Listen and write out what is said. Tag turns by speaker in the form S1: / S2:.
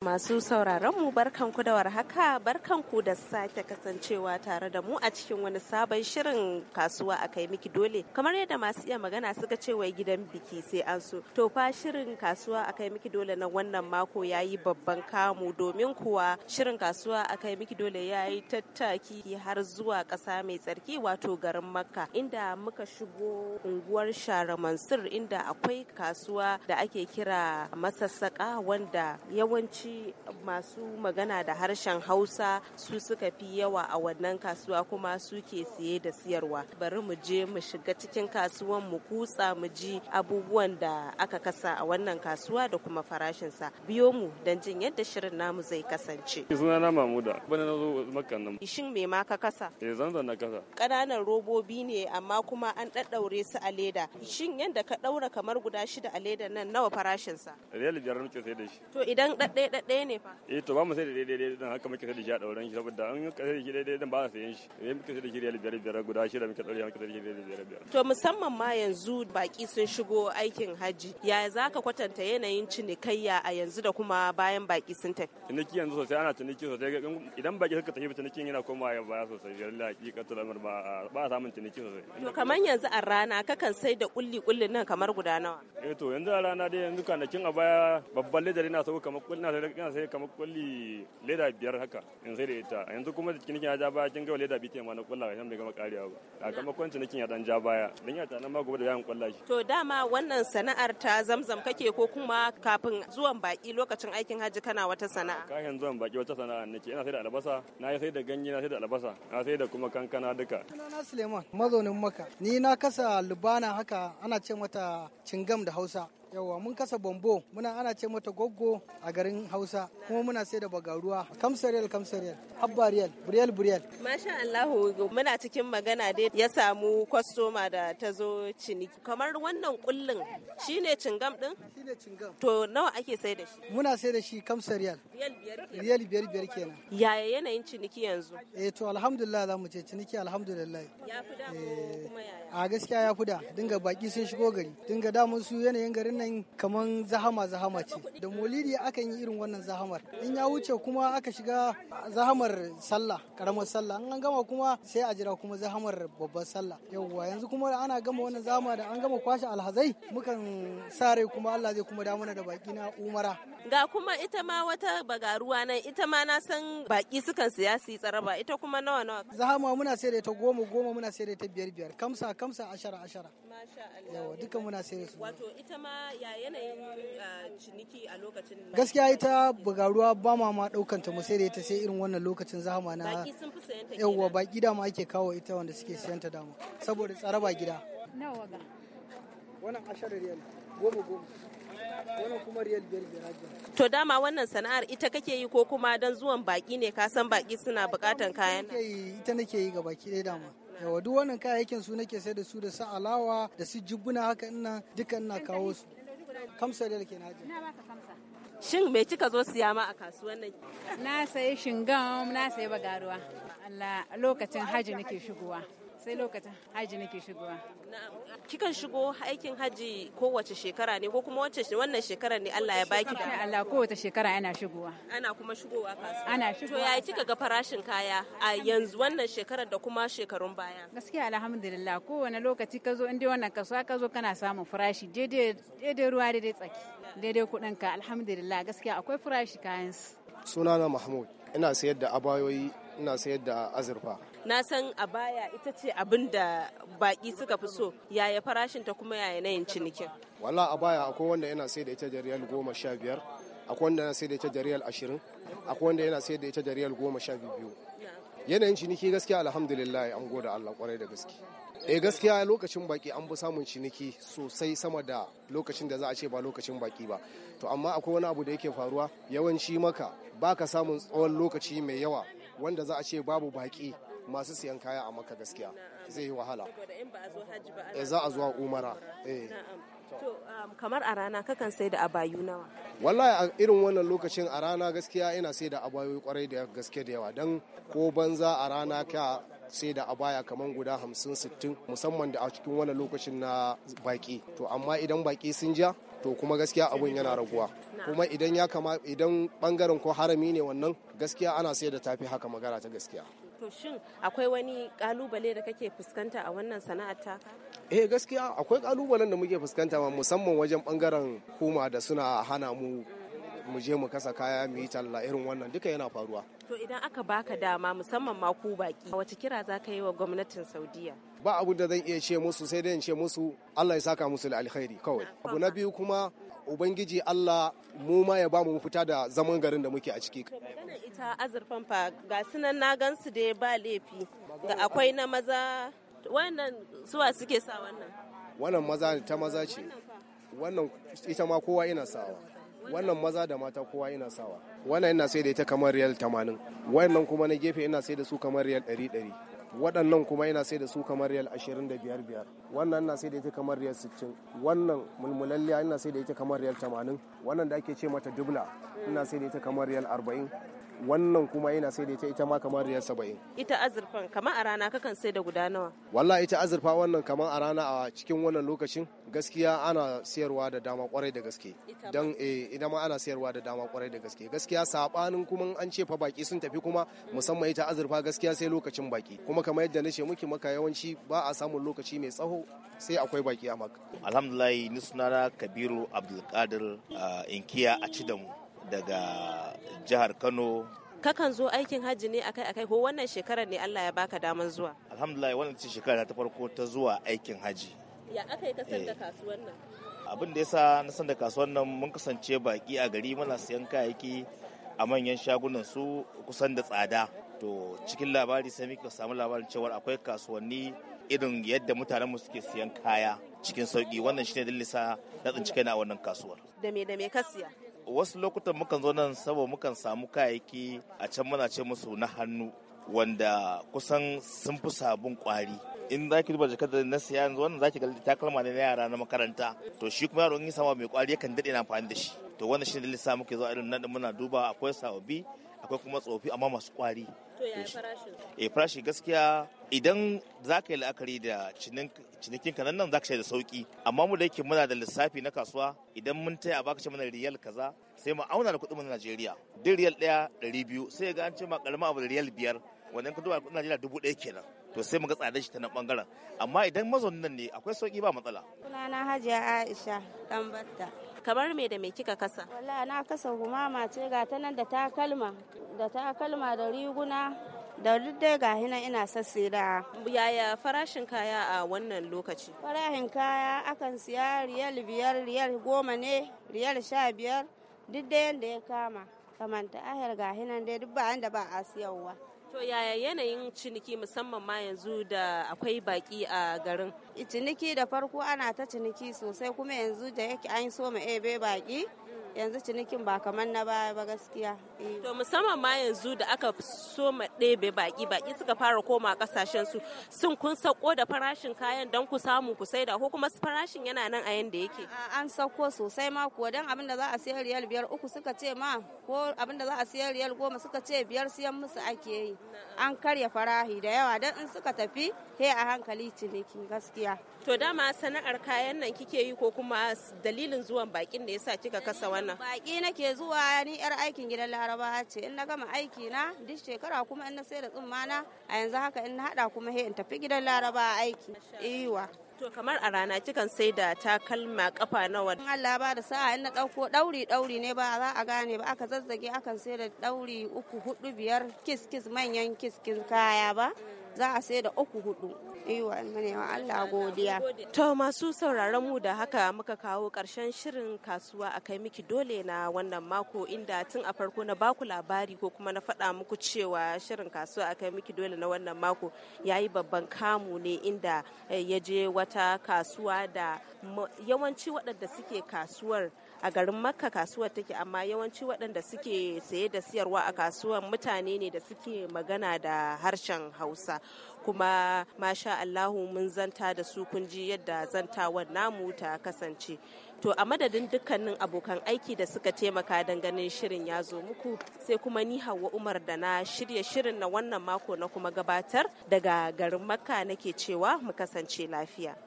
S1: Masu sauraron mu barkanku da warhaka barkanku da sake kasancewa tare da mu a cikin wani sabon shirin kasuwa a kai miki dole kamar yadda masu iya magana suka ce wai gidan biki sai an so to fa shirin kasuwa a kai miki dole na wannan mako yayi babban kamu domin kuwa shirin kasuwa a kai miki dole yi tattaki har zuwa ƙasa mai tsarki wato garin Makka inda muka shigo unguwar Shara Mansur inda akwai kasuwa da ake kira masassaka wanda yawanci yawanci masu magana da harshen hausa su suka fi yawa a wannan kasuwa kuma su ke siye da siyarwa bari mu je mu shiga cikin kasuwan mu kutsa mu ji abubuwan da aka kasa a wannan kasuwa da kuma farashinsa biyo mu don jin yadda shirin namu zai kasance
S2: sunana mamuda bana na zo makan nan
S1: shin me ma ka kasa
S2: eh zanzan na kasa
S1: ƙananan robobi ne amma kuma an daddaure su a leda shin yadda ka ɗaura kamar guda shida a leda nan nawa farashinsa
S2: riyal biyar muke sai da shi
S1: to idan da. da ɗaya ne fa eh to ba mu sai da daidai dan haka muke sai da shi a dauran shi saboda an ka sai da shi daidai dan ba su yin shi eh muke sai da shi riyal biyar biyar guda shida muke daure muke sai da shi biyar biyar to musamman ma yanzu baki sun shigo aikin hajji. ya za ka kwatanta yanayin cinikayya a yanzu da kuma bayan baki sun tafi ciniki yanzu sosai ana ciniki sosai idan baki suka tafi cinikin yana komawa baya sosai yalla hakikatul amr ba ba samun ciniki sosai to kaman yanzu a rana kakan sai da kulli kullin nan kamar guda nawa eh to yanzu a rana dai yanzu kanakin a baya babban ledari na sauka kamar kullin na kana sai kamar kulli leda biyar haka in sai da ita yanzu kuma da kinki ya ja baya kin ga leda biyar ma na kulla kan bai gama karewa ba kwanci cinikin ya dan ja baya dan ya tana ma gobe da yan kulla shi to dama wannan sana'ar ta zamzam kake ko kuma kafin zuwan baki lokacin aikin haji kana wata sana'a kafin zuwan baki wata sana'a nake ina sai da albasa na yi sai da ganye na sai da albasa na sai da kuma
S3: kankana duka
S4: sunana Suleiman mazaunin Makka ni na kasa lubana haka ana ce mata cingam da Hausa yawa mun kasa bombo muna ana ce mata goggo a garin hausa kuma muna sai da bagaruwa kamsariyal kamsariyal abbariyal buriyal buriyal
S1: masha allahu muna cikin magana dai ya samu kwastoma da ta zo ciniki kamar wannan kullun shine cingam din shine cingam to nawa ake sai da shi
S4: muna sai da shi kamsariyal riyal biyar biyar kenan yaya
S1: yanayin ciniki yanzu
S4: eh to alhamdulillah za mu ce ciniki alhamdulillah ya fi da eh, kuma yaya a gaskiya ya fi da dinga baki sun shigo gari dinga da su yanayin garin wannan kaman zahama zahama ce da maulidi akan yi irin wannan zahamar in ya wuce kuma aka shiga zahamar sallah karamar sallah an gama kuma sai a jira kuma zahamar babbar sallah yauwa yanzu kuma ana gama wannan zahama da an gama kwashe alhazai mukan sa rai kuma Allah zai kuma damuna da baki na umara
S1: ga kuma ita ma wata bagaruwa nan ita ma na san baki sukan siya su yi tsaraba ita kuma nawa nawa
S4: zahama muna sai da ta goma goma muna sai da ta biyar biyar kamsa kamsa ashara ashara yauwa duka muna sai da su
S1: wato ita ma Eh, gaskiya ita
S4: bugaruwa ba ma ma daukan ta sai da ita sai irin wannan lokacin zama na yawwa baki ma ake kawo ita wanda suke siyan dama saboda tsara ba gida nawa ga wannan ashar riyal goma goma wannan kuma riyal biyar biyar to
S1: dama wannan sana'ar ita kake yi ko kuma don zuwan baki ne ka san baki suna bukatan kayan
S4: ita nake yi ga baki ɗaya dama yawa duk wannan kayayyakin su nake sai da su da su alawa da su jibbuna haka ina duka ina kawo su Kamsa da ke naji. Ina
S1: baka kamsa. Shin me kika zo siya ma a kasuwar nan? Na sayi shingam, na sayi bagaruwa. Allah lokacin haji nake shigowa. sai lokacin haji nake shigowa kikan shigo aikin haji kowace shekara ne ko kuma wacce wannan shekara ne Allah ya baki da Allah kowace shekara ana shigowa ana kuma shigowa kasuwa ana shigowa to yaya kika ga farashin kaya a yanzu wannan shekarar da kuma shekarun baya gaskiya alhamdulillah kowane lokaci ka zo inda wannan kasuwa ka zo kana samun farashi daidai ruwa daidai tsaki daidai kuɗin ka alhamdulillah gaskiya akwai farashi kayan
S3: su sunana mahmud ina sayar da abayoyi ina sayar da azurfa.
S1: Na san a baya ita ce abin da baƙi suka fi so yaya farashinta kuma yaya nayin cinikin.
S3: Wala a baya akwai wanda yana sayar da ita da goma sha biyar, akwai wanda yana sayar da ita jariyar ashirin, akwai wanda yana sayar da ita jariyar goma sha biyu. Yanayin ciniki gaskiya alhamdulillah an goda Allah kwarai da gaske. Eh gaskiya lokacin baki an fi samun ciniki sosai sama da lokacin da za a ce ba lokacin baki ba. To amma akwai wani abu da yake faruwa yawanci maka baka samun tsawon lokaci mai yawa wanda za a ce babu baƙi masu siyan kaya a maka gaskiya zai yi wahala eh, za a zuwa umara eh.
S1: Um, kamar a rana kakan sai da abayu nawa?
S3: Wallahi a irin wannan lokacin a rana gaskiya ina sai da abayu kwarai da gaske da yawa don ko banza a rana ka sai da abaya kamar guda hamsin sittin musamman da a cikin wannan lokacin na baki to amma idan baki sun ja to kuma gaskiya abun yana raguwa kuma idan ya kama idan bangaren ko harami ne wannan gaskiya ana sai da tafi haka magana ta gaskiya
S1: to shin akwai wani kalubale da kake fuskanta a wannan sana'ar taka
S3: eh gaskiya akwai kalubalen da muke fuskanta ma musamman wajen bangaren kuma da suna hana mu mu je mu kasa kaya mu yi talla irin wannan duka yana faruwa.
S1: To idan aka baka dama musamman ma ku baki wace kira za ka yi wa gwamnatin Saudiya?
S3: Ba abu da zan iya ce musu sai dai in ce musu Allah ya saka musu alkhairi kawai. Abu na biyu kuma Ubangiji Allah mu ma ya bamu fita da zaman garin da muke a ciki. Magana
S1: ita azurfan fa ga sunan na gansu da ba laifi. Ga akwai na maza wannan suwa suke sa wannan
S3: wannan maza ne ta maza ce wannan ita ma kowa ina sawa wannan maza da mata kowa ina sawa wannan ina sai da ita kamar riyal 80 wannan kuma na gefe ina sai da su kamar riyal 100 waɗannan kuma ina sai da su kamar riyal 25 wannan ina sai da ita kamar riyal 60 wannan mulmulalliya ina sai da ita kamar riyal 80 wannan da ake ce mata dubla ina sai da ita kamar riyal 40 wannan kuma yana sai da ita ita ma kamar riyal saba'in
S1: ita azurfan kamar a rana kakan sai da guda nawa
S3: walla ita azurfa wannan kamar a rana a cikin wannan lokacin gaskiya ana sayarwa da dama kwarai da gaske dan eh ma ana sayarwa da dama kwarai da gaske gaskiya sabanin kuma an ce fa baki sun tafi kuma musamman ita azurfa gaskiya sai lokacin baki kuma kamar yadda nace muke maka yawanci ba a samun lokaci mai tsaho sai akwai baki a maka
S2: alhamdulillah ni sunana kabiru abdulkadir ah, inkiya a cidamu daga jihar Kano.
S1: Kakan zo aikin hajji ne akai-akai ko wannan shekarar ne Allah ya baka daman zuwa?
S2: Alhamdulillah wannan ce shekara ta farko ta zuwa aikin hajji.
S1: Ya aka yi kasar da eh. kasuwan nan?
S2: Abin da yasa na san da kasuwan nan mun kasance baki a gari muna siyan kayayyaki a manyan shagunan su kusan da tsada. To cikin labari sai muka samu labarin cewa akwai kasuwanni irin yadda mutanen mu suke siyan kaya cikin sauki wannan shine dalilin sa na tsinci kaina a wannan kasuwar.
S1: Da me da me ka siya?
S2: wasu lokutan mukan zo nan saboda mukan samu kayayyaki a can muna ce musu na hannu wanda kusan sun fi sabon kwari in za ki duba jakar da na siya yanzu wannan za ki ga takalma ne na yara na makaranta to shi kuma yaro in yi sama mai kwari yakan daɗe na amfani da shi to wannan shi ne sa muke zuwa irin nan muna duba akwai sababi, akwai kuma tsofi amma masu kwari To ya eh, farashi gaskiya idan za ka yi la'akari da cinikin kanan nan za ka da sauki amma mu da yake muna da lissafi na kasuwa idan mun taya a baka ce mana riyal kaza sai mu auna da kuɗin mu na Najeriya duk riyal ɗaya ɗari biyu sai ga an ce ma ƙaramin abu da riyal biyar wannan ka duba kuɗin Najeriya dubu ɗaya kenan to sai mu ga tsada shi ta nan bangaren amma idan mazaunin nan ne akwai sauki ba matsala.
S5: Sunana Hajiya Aisha Ɗanbatta. kamar me da me kika kasa wala na kasa gumama ce ga ta nan da takalma da takalma da riguna da duk dai ga hina ina sasse da yaya
S1: farashin kaya a wannan lokaci
S5: farashin kaya akan siya riyal biyar riyal goma ne riyal sha biyar duk da yadda ya kama Kamanta ahir ga hinan dai duk bayan da ba a siyarwa
S1: to yaya yanayin ciniki musamman ma
S5: yanzu da akwai baki a garin ciniki da farko ana ta ciniki sosai kuma yanzu da yake an so mu ebe baki yanzu cinikin ba kamar na baya ba gaskiya. Eh.
S1: To musamman ma yanzu da aka so ma ɗebe baki baki suka fara koma kasashen su sun kun sako da farashin kayan don ku samu ku saida ko kuma farashin yana nan a yanda yake.
S5: An sako sosai ma kuwa don abin da za a siyar riyal biyar uku suka ce ma ko abin da za a siyar riyal goma suka ce biyar siyan musu ake yi. An karya farahi da yawa don in suka tafi he a hankali ciniki gaskiya. To dama sana'ar kayan nan kike yi ko kuma
S1: dalilin zuwan bakin da yasa kika kasa wani wannan
S5: baki nake zuwa ni yar aikin gidan laraba ce in na gama aiki na duk shekara kuma in na sai da tsumma na a yanzu haka in na hada kuma he in tafi gidan laraba aiki iwa
S1: To kamar a rana kikan sai da takalma kafa nawa. In
S5: Allah ba da sa'a in na dauko dauri dauri ne ba za a gane ba aka zazzage akan sai da ɗauri uku hudu biyar kiskis manyan kis kaya ba. za a sai da uku hudu iwa wa Allah godiya
S1: to masu sauraron mu da haka muka kawo ƙarshen shirin kasuwa a kai miki dole na wannan mako inda tun a farko na baku labari ko kuma na faɗa muku cewa shirin kasuwa a kai miki dole na wannan mako ya yi babban kamu ne inda eh, ya je wata kasuwa da yawanci waɗanda suke kasuwar a garin makka kasuwar take amma yawanci waɗanda suke saye da siyarwa a kasuwar mutane ne da suke magana da harshen hausa kuma masha allahu mun zanta da su kun ji yadda zantawar namu ta kasance to a madadin dukkanin abokan aiki da suka taimaka don ganin shirin ya zo muku sai kuma ni hawa umar da na shirya shirin na wannan mako na kuma gabatar daga garin makka nake cewa mu kasance lafiya